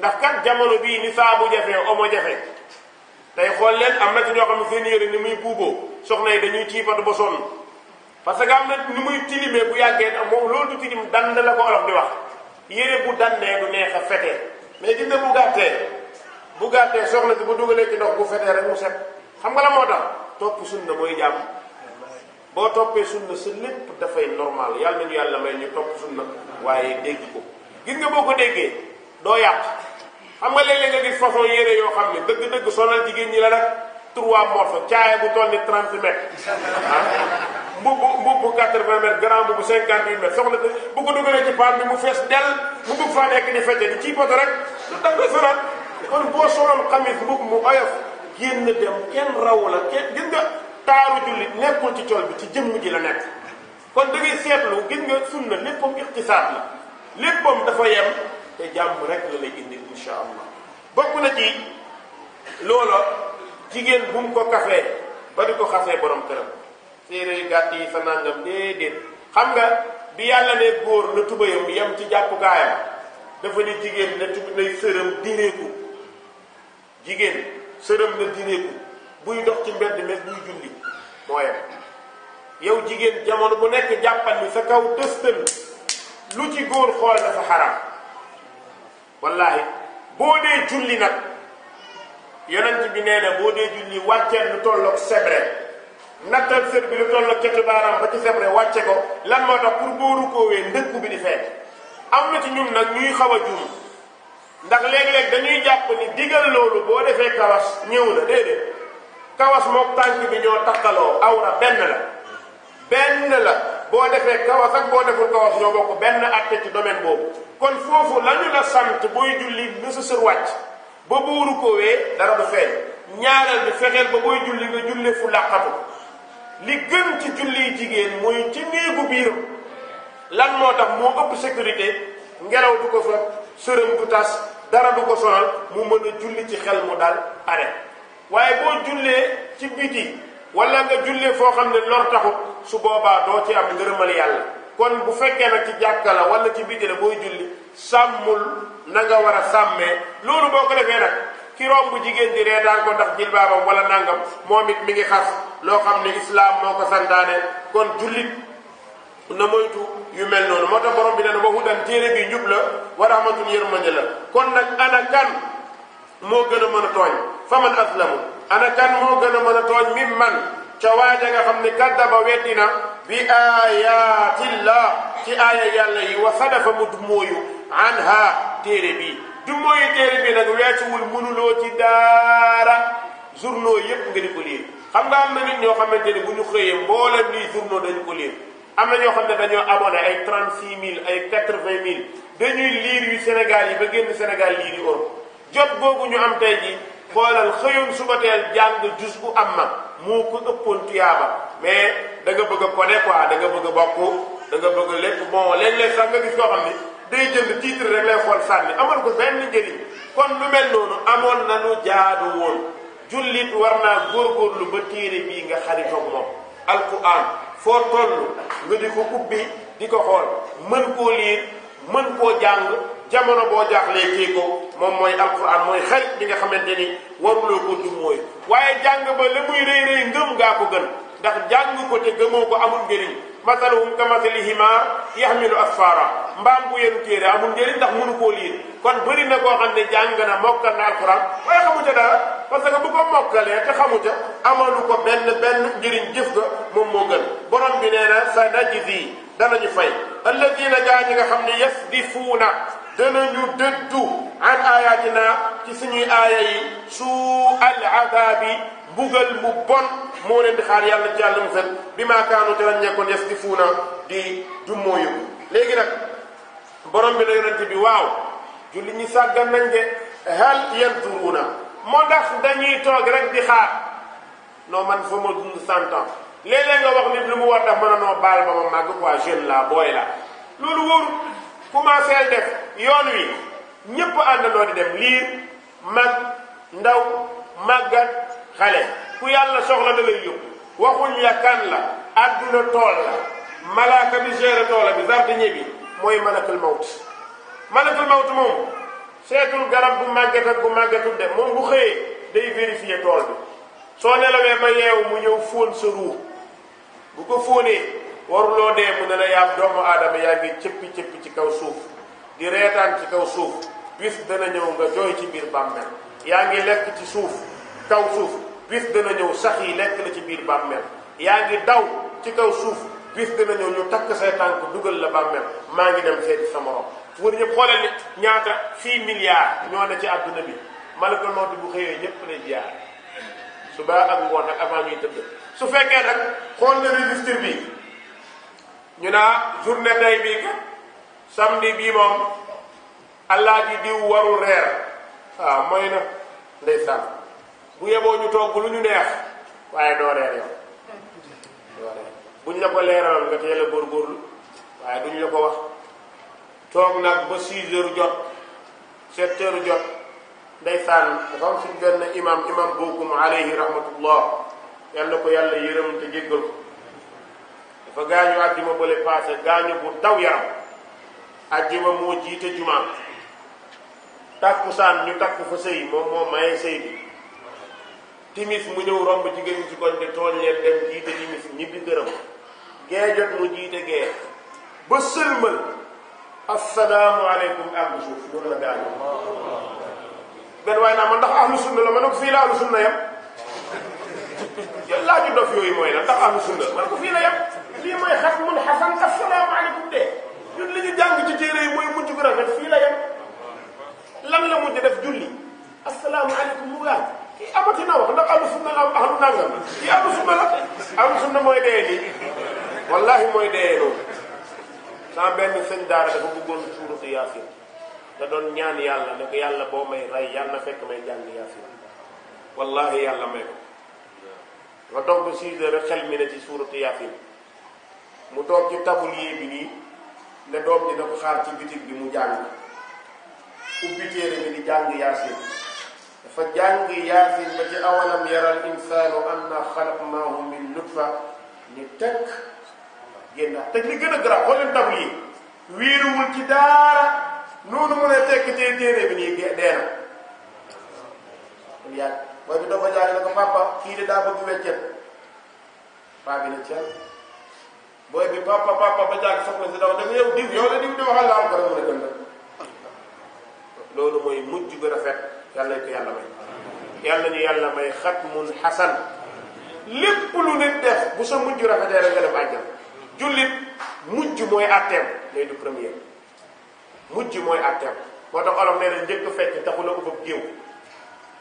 ndax kat jamono bii ni saabu jafee omo jafe tey xool leen am na ci ñoo xam ne seen yére ni muy buuboo soxna yi dañuy ciipatu ba sonn parce que am na ni muy tilimee bu yàggee nag moom loolu du tilim dand la ko olof di wax yére bu dandee du neex a fete mais gis bu gàttee bu gàttee soxna si bu dugalee ci ndox bu fetee rek mu set xam nga la moo tax topp sunna mooy jàmm boo toppee sunna sa lépp dafay normal yàlla waaye dégg ko gis nga boo ko déggee doo yàq xam nga léeg-léeg nga gis façon yére yoo xam ne dëgg-dëgg sonal jigéen ñi la rek trois morceaux caaya bu toll ni trente mètres ah, mbubu mbubu quatre-vingts mètres grand mbubu cinquante-huit mètres bu mu fees dell mu bëgg faa nekk di fete di ciy poto rek boo solal xamis mbub mu oyof génn dem kenn rawu la kenn gis nga taaru jullit nekkul ci tool bi ci jëmm ji la nekk kon da ngay seetlu gis nga sunna léppam iqtisaad la léppam dafa yem te jàmm rek la lay indil insha allah bokk na ci loola jigéen bu mu ko kafee ba di ko xasee borom këram séeréer gàtt yi sa nangam déedéet xam nga bi yàlla ne góor na tubayam yem ci jàpp gaayam dafa ne jigéen na tub nay sëram dineeku jigéen sëram na dineeku buy dox ci mbedd mes buy julli moo yem yow jigéen jamono bu nekk jàppal ni sa kaw tëstal lu ci góor xool dafa xaraam wallaahi boo dee julli nag yonent bi nee na boo dee julli wàcceel lu tolloog sebre nattal sër bi lu tolloog catu baaraam ba ci sebre wàcce ko lan moo tax pour boo rukoowee ndëkku bi di feeñ am na ci ñun nag ñuy xaw a juum ndax léeg-léeg dañuy jàpp ni digal loolu boo defee kawas ñëw na déedéet kawas mook tànk bi ñoo takkaloo awra benn la benn la boo defee kawas ak boo deful kawas ñoo bokk benn àtte ci domaine boobu kon foofu lañu la sant booy julli nga sa sër wàcc ba buuru ko wee dara du feeñ ñaareel bi fexeel ba booy julli nga julle fu làqatu li gën ci julli jigéen mooy ci néegu biiram lan moo tax moo ëpp sécurité ngelaw du ko fa sërëm du tas dara du ko sonal mu mën a julli ci xel mu dal are waaye boo jullee ci biti wala nga jullee foo xam ne lor taxut su boobaa doo ci am ngërëmal yàlla kon bu fekkee nag ci jàkka la wala ci biti la booy julli sàmmul na nga war a sàmmee loolu boo ko defee nag ki romb jigéen di reetaan ko ndax jilbaabam wala nangam moom it mi ngi xas loo xam ne islaam moo ko santaane kon jullit na moytu yu mel noonu moo tax borom bi ne naan wa hudan téere bi njub la war wa rahmatul yërmande la kon nag ana kan moo gën a mën a tooñ faman aslamu ana kan moo gën a mën a tooñ mim man ca waaja nga xam ne kaddaba weddina bi ayatillah ci aaya yàlla yi wa sadafa mu dummóoyu an ha téere bi dummóoyu téere bi nag weesuwul mënuloo ci daara journaux yépp nga di ko liir xam nga am na nit ñoo xamante ni bu ñu xëyee mboolem lii journaux dañu ko liir am na ñoo xam ne dañoo abonné ay trente six mille ay quatre vingt mille dañuy liir yu Sénégal yi ba génn Sénégal liir yu Europe jot googu ñu am tey ji xoolal xëyun suba teel jàng jus bu am ma moo ko ëppoon tuyaaba mais danga bëgg a codé quoi danga bëgg a bokk da bëgg lépp bon léeg-léeg sax nga gis koo xam ni day jënd titre rek lay xool sànni amal ko benn njëriñ kon lu mel noonu amoon na lu jaadu woon jullit war naa lu ba téere bii nga xaritoog moom alquran foo toll nga di ko ubbi di ko xool mën koo liir mën koo jàng jamono boo jaaxlee kii ko moom mooy alquran mooy xarit bi nga xamante ni waruloo ko du mooy waaye jàng ba la muy rëy rëy ngëm gaa ko gën ndax jàng ko te gëmoo ko amul njëriñ masaluhum ka masali himaar yaxmilu asfara mbaam bu yenu téere amul njëriñ ndax mënu koo liir kon bëri na koo xam ne jàng na mokkal na alquran waaye xamu ca dara parce que bu ko mokkalee te xamu ca amalu ko benn benn njëriñ jëf ga moom moo gën borom bi nee na sa najzi danañu fay alladina gaa ñi nga xam ne yasdifuuna danañu dëddu an ayatina ci suñuy aaya yi su al adaabi mbugal mu bon moo leen di xaar yàlla ci yàlla musal bi maa kaanu te lañ nekkoon yes di fuuna di dummóoyu léegi nag borom bi la yonent bi waaw julli ñi sàggan nañ de hal yanturuuna moo ndax dañuy toog rek di xaar non man fa ma dund cent ans léeg-léeg nga wax nit lu mu war daf mën a noo baal ba ma màgg quoi jeune la booy la loolu wóoru commencé def yoon wi ñëpp àndandoo di dem liir mag ndaw màggat xale ku yàlla soxla da lay yóbbu waxuñ ya kan la àdduna tool la malaaka bi géré toola bi jardinier bi mooy malakul mawt malakul mawt moom seetul garab bu màggat ak bu màggatul dem moom bu xëyee day vérifier tool bi soo nelawee ba yeewu mu ñëw fóon sa ruux bu ko fóonee waruloo dee mu ne la yaab doomu aadama yaa ngi cëppi cëppi ci kaw suuf di reetaan ci kaw suuf bis dana ñëw nga jooy ci biir bàmmeel yaa ngi lekk ci suuf kaw suuf bis dana ñëw sax yi lekk la ci biir bàmmeel yaa ngi daw ci kaw suuf bis dana ñëw ñu takk say tànk dugal la bàmmeel maa ngi dem seeti sa morom wër ñëpp xoolal ni ñaata fii milliards ñoo ne ci àdduna bi malakul mawti bu xëyee ñëpp lay jaar suba ak ngoon ak avant ñuy tëdd su fekkee nag ñu naa journée tey bii kat samedi bii moom allah ji diw warul reer waaw mooy na ndeysaan bu yeboo ñu togg lu ñu neex waaye doo reer yow doo reer buñ la ko leeralal nga teel a góorgóorlu waaye duñ la ko wax toog nag ba 6 heures jot 7 heures jot ndeysaan dafa am suñ benn imam imam bookum alayhi rahmatullah yal ko yàlla yërëm te jéggal ba gaañu àjjuma bële paase gaañu bu daw yaram àjjuma moo jiite jumaa tàkkusaan ñu takk fa sëy moom moo maye sëy bi timis mu ñëw romb jigéen ñi ci koñ de tooñ leen dem jiite timis ñibbi këram gee jot mu jiite gee ba sëlmal assalaamu aleykum ahlu suuf loolu man ndax ko fii la ahlu sunna yam laaju dof yooyu mooy la ndax ahlu sunna ma ne ko fii la yam lii mooy xatmul xasan asalaamaaleykum de ñun li jàng ci téere yi mooy mujj gu rafet fii la yem lan la mujj def julli asalaamaaleykum mu gaal kii amati na wax sunna mooy dee lii wallahi mooy dee loolu sans benn sëñ daara dafa bëggoon suuratu yaasin da doon ñaan yàlla ne ko yàlla boo may rey yàlla may jàng yaasin wallahi yàlla may ko rek xel mi ne suuratu yaasin mu toog ci tablier bi nii ne doom ji na ko xaar ci bitig bi mu jàng ubbi téere bi di jàng yaasin dafa jàng yaasin ba ci awalam yara al insaanu anna xalaqnaahu min nutfa ni teg génn teg li gën a garaaw xool leen tablier wéeruwul ci daara noonu mu ne tekk ci téere bi nii dee na kon yàgg bi dafa jaar ne ko papa kii de daa bëgg weccet paa bi ne cel booy bi papa papa ba jàng soxna si daw dafa yow diw yow la diw di waxal laa ko mën a gën loolu mooy mujj bu rafet yàlla ko yàlla may yàlla ñu yàlla may xatmun def bu sa mujj rafetee rek jullit mujj mooy àtteem lay du premier mujj mooy àtteem moo tax olof nee na njëkk fecc taxu la ubab géew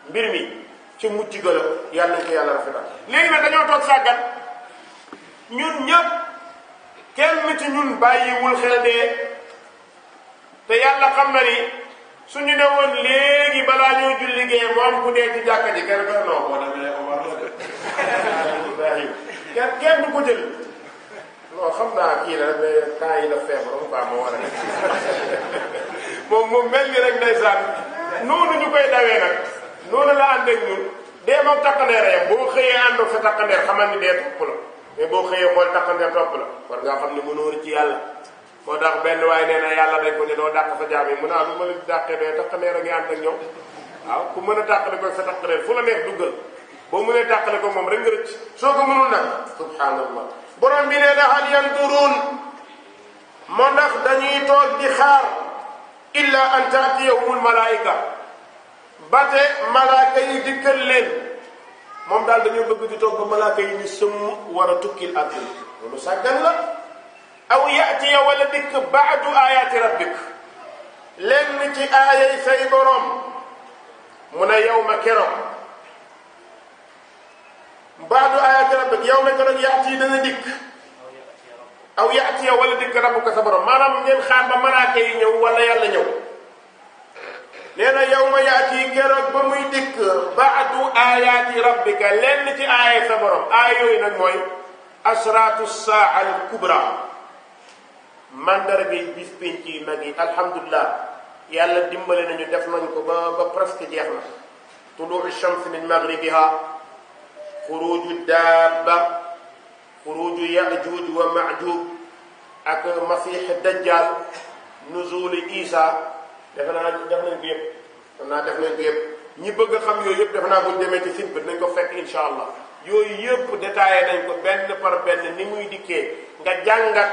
mbir mi ci mujj gëla yàlla ñu yàlla rafetal dañoo toog sàggat ñun ñëpp kenn ci ñun bàyyiwul xel dee te yàlla xam na ni suñu ne woon léegi balaa ñoo julli gee moom ku dee ci jàkka ji kenn ko damay du ko jël non xam naa kii la mais la feebar mu baax ma war a def moom moom mel ni rek ndeysaan noonu ñu koy dawee nag noonu la ànd ak ñun dee moom takkandeer a yem xëyee ànd ak sa takkandeer xamal ni dee topp la te boo xëyee xool taxam ne topp la war ngaa xam ne mënoo ci yàlla moo tax benn waaye nee na yàlla dañ ko ne doo dàq sa jaam yi naa ah lu ma la a ngi ànd ak ñoom waaw ku mën a tàqale ko sa taqaleer fu la neex duggal boo mënee tàqale ko moom rek nga rëcc soo ko mënul nag subhanallah borom bi ne daxal yanduruun moo ndax dañuy toog di xaar illa an taatiyahumul malaayika ba te malaaka yi dikkal leen moom daal dañoo bëgg di toog ba malaaka yi ni sëmm war a tukkil àdduna loolu sàggan la aw yaatiya wala dikk baadu ayaati rabbik lenn ci aayay say boroom mu ne yow ma keroog baadu ayaati rabbik yow ma keroog yaati dana dikk aw yaatiya wala dikk rabbuka sa boroom maanaam ngeen xaar ba malaaka yi ñëw wala yàlla ñëw nee na yow ma yaati keroog ba muy dikk baadu aayaati rabbika lenn ci aaya sa borom aaya yooyu nag mooy asraatu saa al kubra mandarga yi bis pénc yi mag yi alhamdulilah yàlla dimbale nañu def nañ ko ba ba presque jeex na tuluu shams min maghribiha xuruju daabba xuruju yajuuj wa majuuj ak masiix dajjal nuzulu isa defe naa def nañ ko naa def nañ ñi bëgg a xam yooyu yëpp defe naa buñ demee ci site bi dinañ ko fekk incha allah yooyu yëpp détaillé nañ ko benn par benn ni muy dikkee nga jàngat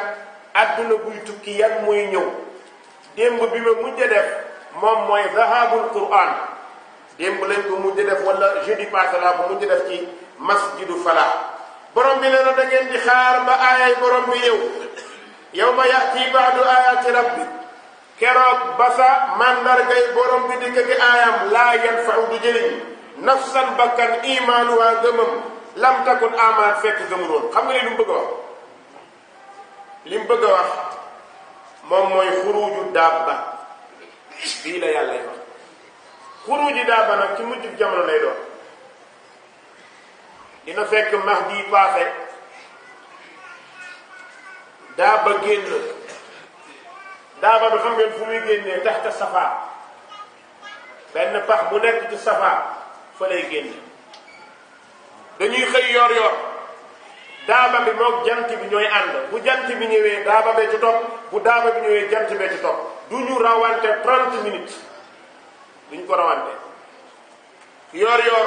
adduna buy tukki yan muy ñëw démb bi ma mujj def moom mooy zahabul quran démb lañ ko mujj a def wala jeudi passé laa ko mujj def ci masjidu falaa borom bi nee na di xaar ba aayay borom bi ñëw yow ma yati baadu ayati rabbi keroog ba sa mandargay borom bi dikk ki aayam laa yanfau du jëriñ nafsan bakkan imaanu waa gëmam lam takun amaat fekk gëmul xam nga li mu bëgg a wax li mu bëgg a wax moom mooy xuruju daabba bii la yàlla wax xuruju daabba nag ci mujj jamono lay doon dina fekk mahdi paase daabba génn daaba bi xam ngeen fu muy génnee taxta safaa benn pax bu nekk ci safaa fa lay génne dañuy xëy yor yor daaba bi moog jant bi ñooy ànd bu jant bi ñëwee daaba bee ci topp bu daaba bi ñëwee jant bee ci du ñu rawante 30 minutes du ñu ko rawante yor yor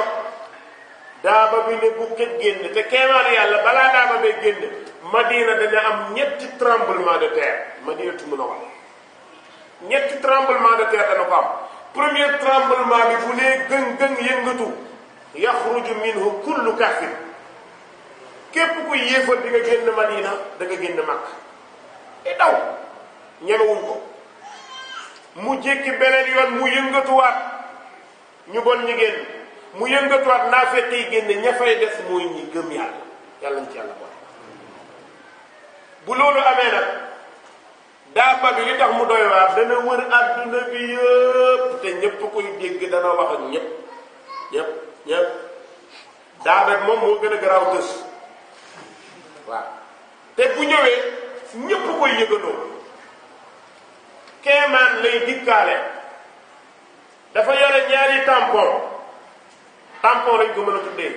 daaba bi ne bu kët génn te keemaan yàlla balaa daaba bee génn Madina dana am ñetti tremblement de terre Madina tu mun ñetti tremblement de terre dana ko am premier tremblement bi bu nee gën-gën yëngatu yaxruju minhu kullu kafir képp ku yéefal di nga génn Madina da nga génn Makka i e daw ñemewuñ ko mu jékki beneen yoon mu yëngatuwaat ñu bon ñi génn mu yëngatuwaat naa fekk génn ña fay def mooy ñi gëm yàlla yàlla ñu ci yàlla bon bu loolu amee nag daaba bi li tax mu doy waar dana wër adduna bi yëpp te ñépp koy dégg dana wax ak ñépp ñépp ñépp daaba bi moom moo gën a garaaw tës waaw te bu ñëwee ñépp koy yëgandoo keemaan lay dikkaale dafa yore ñaari tampon tampon lañ ko mën a tuddee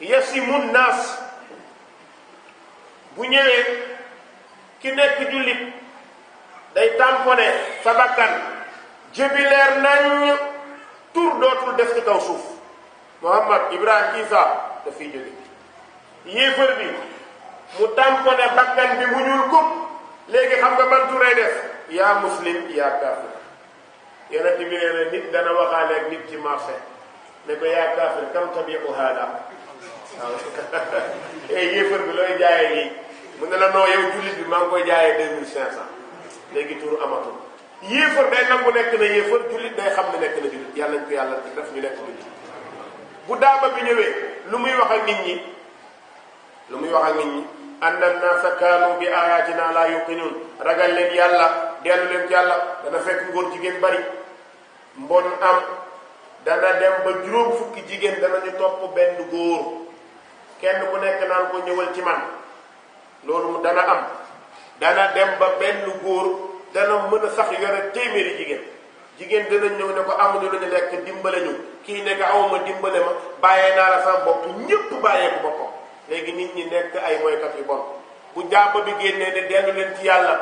yasimun naas bu ñëwee ki nekk jullit day tamponné sa bakkan jëbi leer nañ tur dootul def ci kaw suuf Muhammad Ibrahima Isa daf fiy jóge yéefar bi mu tamponné bakkan bi mu ñuul kub léegi xam nga ban turay def yaa muslim yaa kaafir yonent bi nee na nit dana waxaale ak nit ci marché ne ko yaa kaafir kam tabiu haada waaw eh, yéefar bi looy jaayee lii mu ne la noo yow jullit bi maa ngi koy jaayee deux mille cinq léegi tur amatul yéefar day nangu nekk na yéefar jullit day xam ne nekk na jullit yàlla ñu ko yàlla def ñu nekk jullit bu daaba bi ñëwee lu muy wax ak nit ñi lu muy wax ak nit ñi anna naasa kaanu bi ayatina laa yuqinuun ragal leen yàlla dellu leen ci yàlla dana fekk ngóor jigéen bari mbon am dana dem ba juróom fukki jigéen danañu topp benn góor kenn ku nekk naan ko ñëwal ci man loolu mu dana am dana dem ba benn góor dana mën a sax yore téeméeri jigéen jigéen dana ñëw ne ko amuñu lu ñu lekk dimbale ñu kii ne nekk ma dimbale ma bàyyee naa la sama bopp ñépp bàyyee ko boppam léegi nit ñi nekk ay moykat yu bon bu jàpp bi génnee ne dellu leen ci yàlla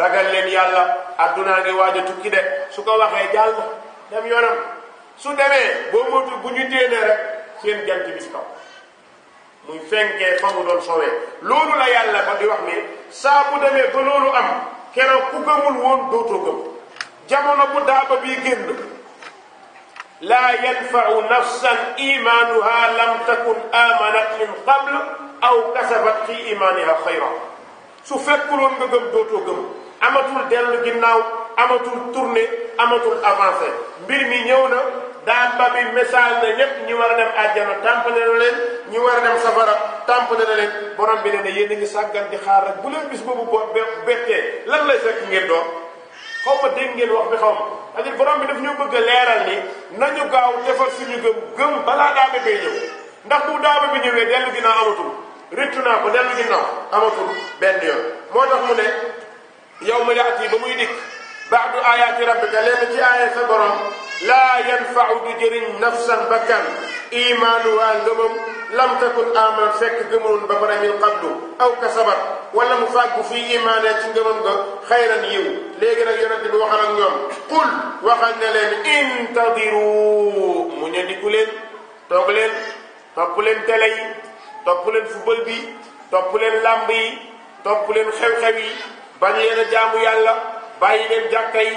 ragal leen yàlla addunaa ngi waaj a tukki de su ko waxee jàll na dem yoonam su demee boo moytu bu ñu téenee rek seen jant bi ci kaw muy fenkee fa mu doon sowee loolu la yàlla ba di wax ni saa bu demee ba loolu am keroog ku gëmul woon dootoo gëm jamono bu daaba bii génn laa yanfau nafsan imaanuha lam takun amanat min qable aw kasabat fi imaaniha xayra su fekkuloon nga gëm amatul dellu ginnaaw amatul tourné amatul avancé mbir mi ñëw na daan ba bi misaal na ñëpp ñi war a dem àjjana tàmpale na leen ñi war a dem safara tàmpale na leen borom bi ne na yéen a ngi sàggan di xaar bu leen bis boobu boo bettee lan la fekk ngeen doon xaw ma dégg ngeen wax bi xaw ma cest borom bi daf ñu bëgg a leeral ni nañu gaaw defar suñu gëm gëm balaa daaba bay ñëw ndax bu daaba bi ñëwee dellu ginnaaw amatul rëccu naa ko dellu ginnaaw amatul benn yoon moo tax mu ne yow ma yaat yi ba muy dikk baadu ayaati rabbika lenn ci aaya sa borom laa yanfau du jëriñ nafsan bakkan imaanuha ngëmam lam takun amanat fekk gëmuloon ba pare min qablu aw kasabat wala mu fàggu fii imaane ci ngëmam nga xayran yiw léegi nag yonente bi waxal ak ñoom qul waxal ne leen intadiru mu ñandiku leen toog leen topp leen télé yi topp leen football bi topp leen làmb yi topp leen xew-xew yi bañ leen a jaamu yàlla bàyyi leen jàkka yi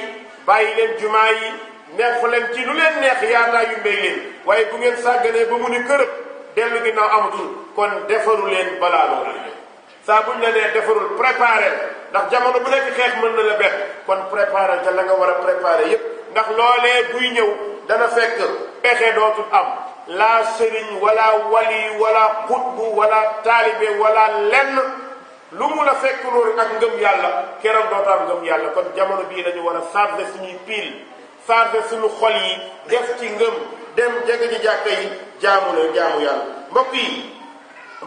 bàyyi leen jumaa yi neexu leen ci lu leen neex yaataa yu mbéy leen waaye bu ngeen sàgganee ba mu ni kërëb dellu ginnaaw amatul kon defaru leen balaa loolu leen saa buñ la nee defarul préparé ndax jamono bu nekk xeex mën na la bet kon préparé te la nga war a préparé yépp ndax loolee buy ñëw dana fekk pexe dootul am laa sëriñ wala wali wala xutbu wala taalibe wala lenn lu mu la fekk loolu ak ngëm yàlla keroog dootoo am ngëm yàlla kon jamono bii la ñu war a chargé suñuy pile chargé suñu xol yi def ci ngëm dem jege ji jàkka yi jaamu la jaamu yàlla mbokk yi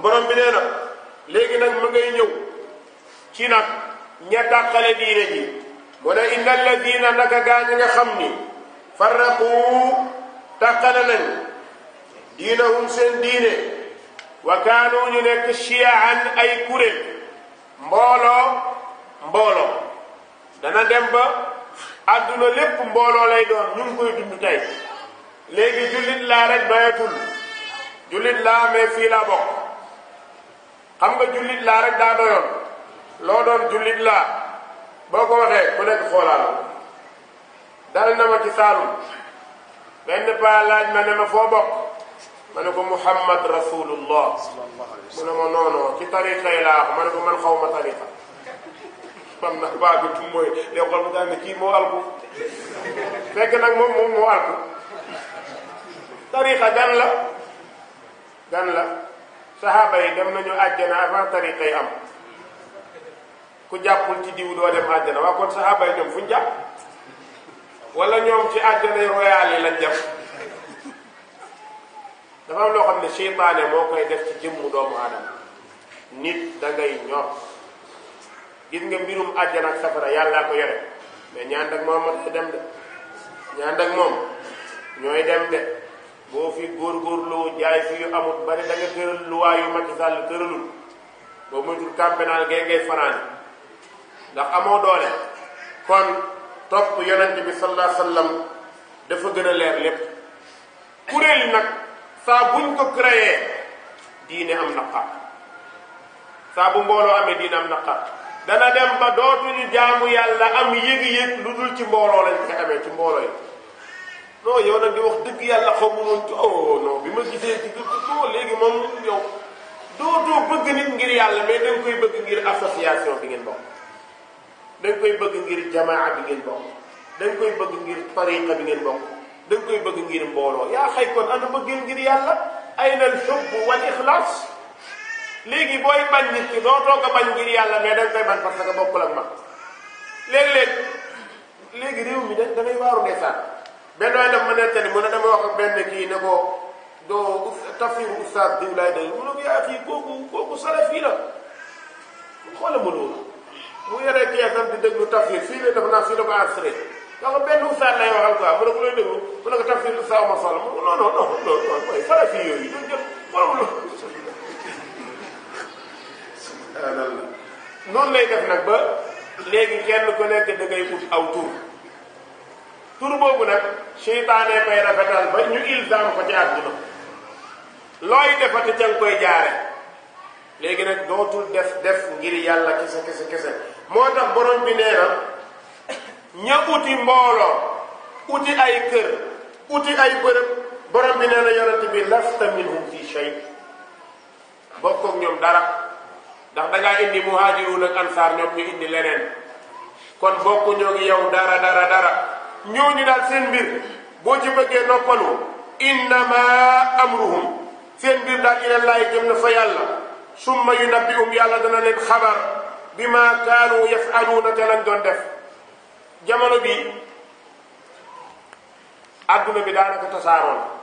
borom bi nee na léegi nag ma ngay ñëw ci nag ña dàqale diine ji mu ne inna alladina naka gaa ñi nga xam ni farraqu dàqale nañ diinahum seen diine wa kaanu ñu nekk chiyaan ay kuréel mbooloo mbooloo dana dem ba àdduna lépp mbooloo lay doon ñu ngi dund tey léegi jullit laa rek doyatul jullit laa mais fii bokk xam nga jullit laa rek daa doyoon loo doon jullit laa boo ko waxee ku nekk xoolaal dal na ma ci Saalum benn paa laaj ma ne ma ma ne ko muhammad rasulullah mu ne ma noonoo ci tariqa yi laa wax ma ne man xaw ma tariqa xam na baa bi tum mooy léegi xool moo alku fekk nag moom moo alku tariqa gan la gan la saxaaba yi dem nañu àjjana avant tariqa yi ku jàppul ci diw doo dem àjjana waa kon saxaaba yi ñoom fu ñoom ci àjjana royal yi lañ dafa loo xam ne seytaane moo koy def ci jëmmu doomu aadama nit da ñor gis nga mbirum àjjana ak safara yàllaa ko yore mais ñaan ak moom mat dem de ñaan ak moom ñooy dem de boo fi góorgóorlu jaay fi yu amut bari da nga tëral luwaa yu Macky Sall tëralul boo muytul campénal gee ngay fanaan ndax amoo doole kon topp yonent bi sallallahu alayhi dafa gën a leer lépp kuréel nag saa buñ ko créé diine am naqar saa bu mbooloo amee diine am naqar dana dem ba dootuñu jaamu yàlla am yëg-yëg lu dul ci mbooloo lañ koy amee ci mbooloo yi non yow nag di wax dëgg yàlla xamu noonu ci oh non bi ma gisee ci dëgg léegi yow dootoo bëgg nit ngir yàlla mais da koy bëgg ngir association bi ngeen bokk da koy bëgg ngir jamaa bi ngeen bokk da nga koy bëgg ngir tariqa bi ngeen bokk dañ koy bëgg ngir mbooloo yaa xay kon ana bëggil ngir yàlla ayna al xubb wal ixlaas léegi booy bañ nit ki dootoo ko bañ ngir yàlla mais dañ koy bañ parce que bokkul ak man léeg-léeg léegi réew mi da ngay waaru ndeysaan benn waay daf ma mu ne dama wax ak benn kii ne ko doo tafsiru oustaz diw laay day mu ne ko yaa kii kooku kooku salafi la xoolal ma loolu mu yore keesam di déglu tafsir fii la def naa fii la ko nga benn ustaat lay waxal quoi mu la. subhanallah noonu def nag ba léegi kenn ku nekk da ngay ut aw tur tur boobu nag seytaane koy rafetal ba ñu ilzaam ko ci àdduna looy defati ca nga koy jaare léegi nag dootul def def ngir yàlla kese kese kese moo tax borom bi nee na. ña uti mbooloo uti ay kër uti ay bërëb borom bi nee na yonent bi lasta minhum fi shay bokkook ñoom dara ndax dangaa indi muhaajiruun ak ansaar ñoom ñu indi leneen kon bokku ñoo ngi yow dara dara dara ñooñu daal seen mbir boo ci bëggee noppalu innama amruhum seen mbir daal ila laay jëm na fa yàlla summa yunabbi'um yàlla dana leen xabar bima kaanu yafaluuna te lañ doon def jamono bi adduna bi daanaka tasaaroon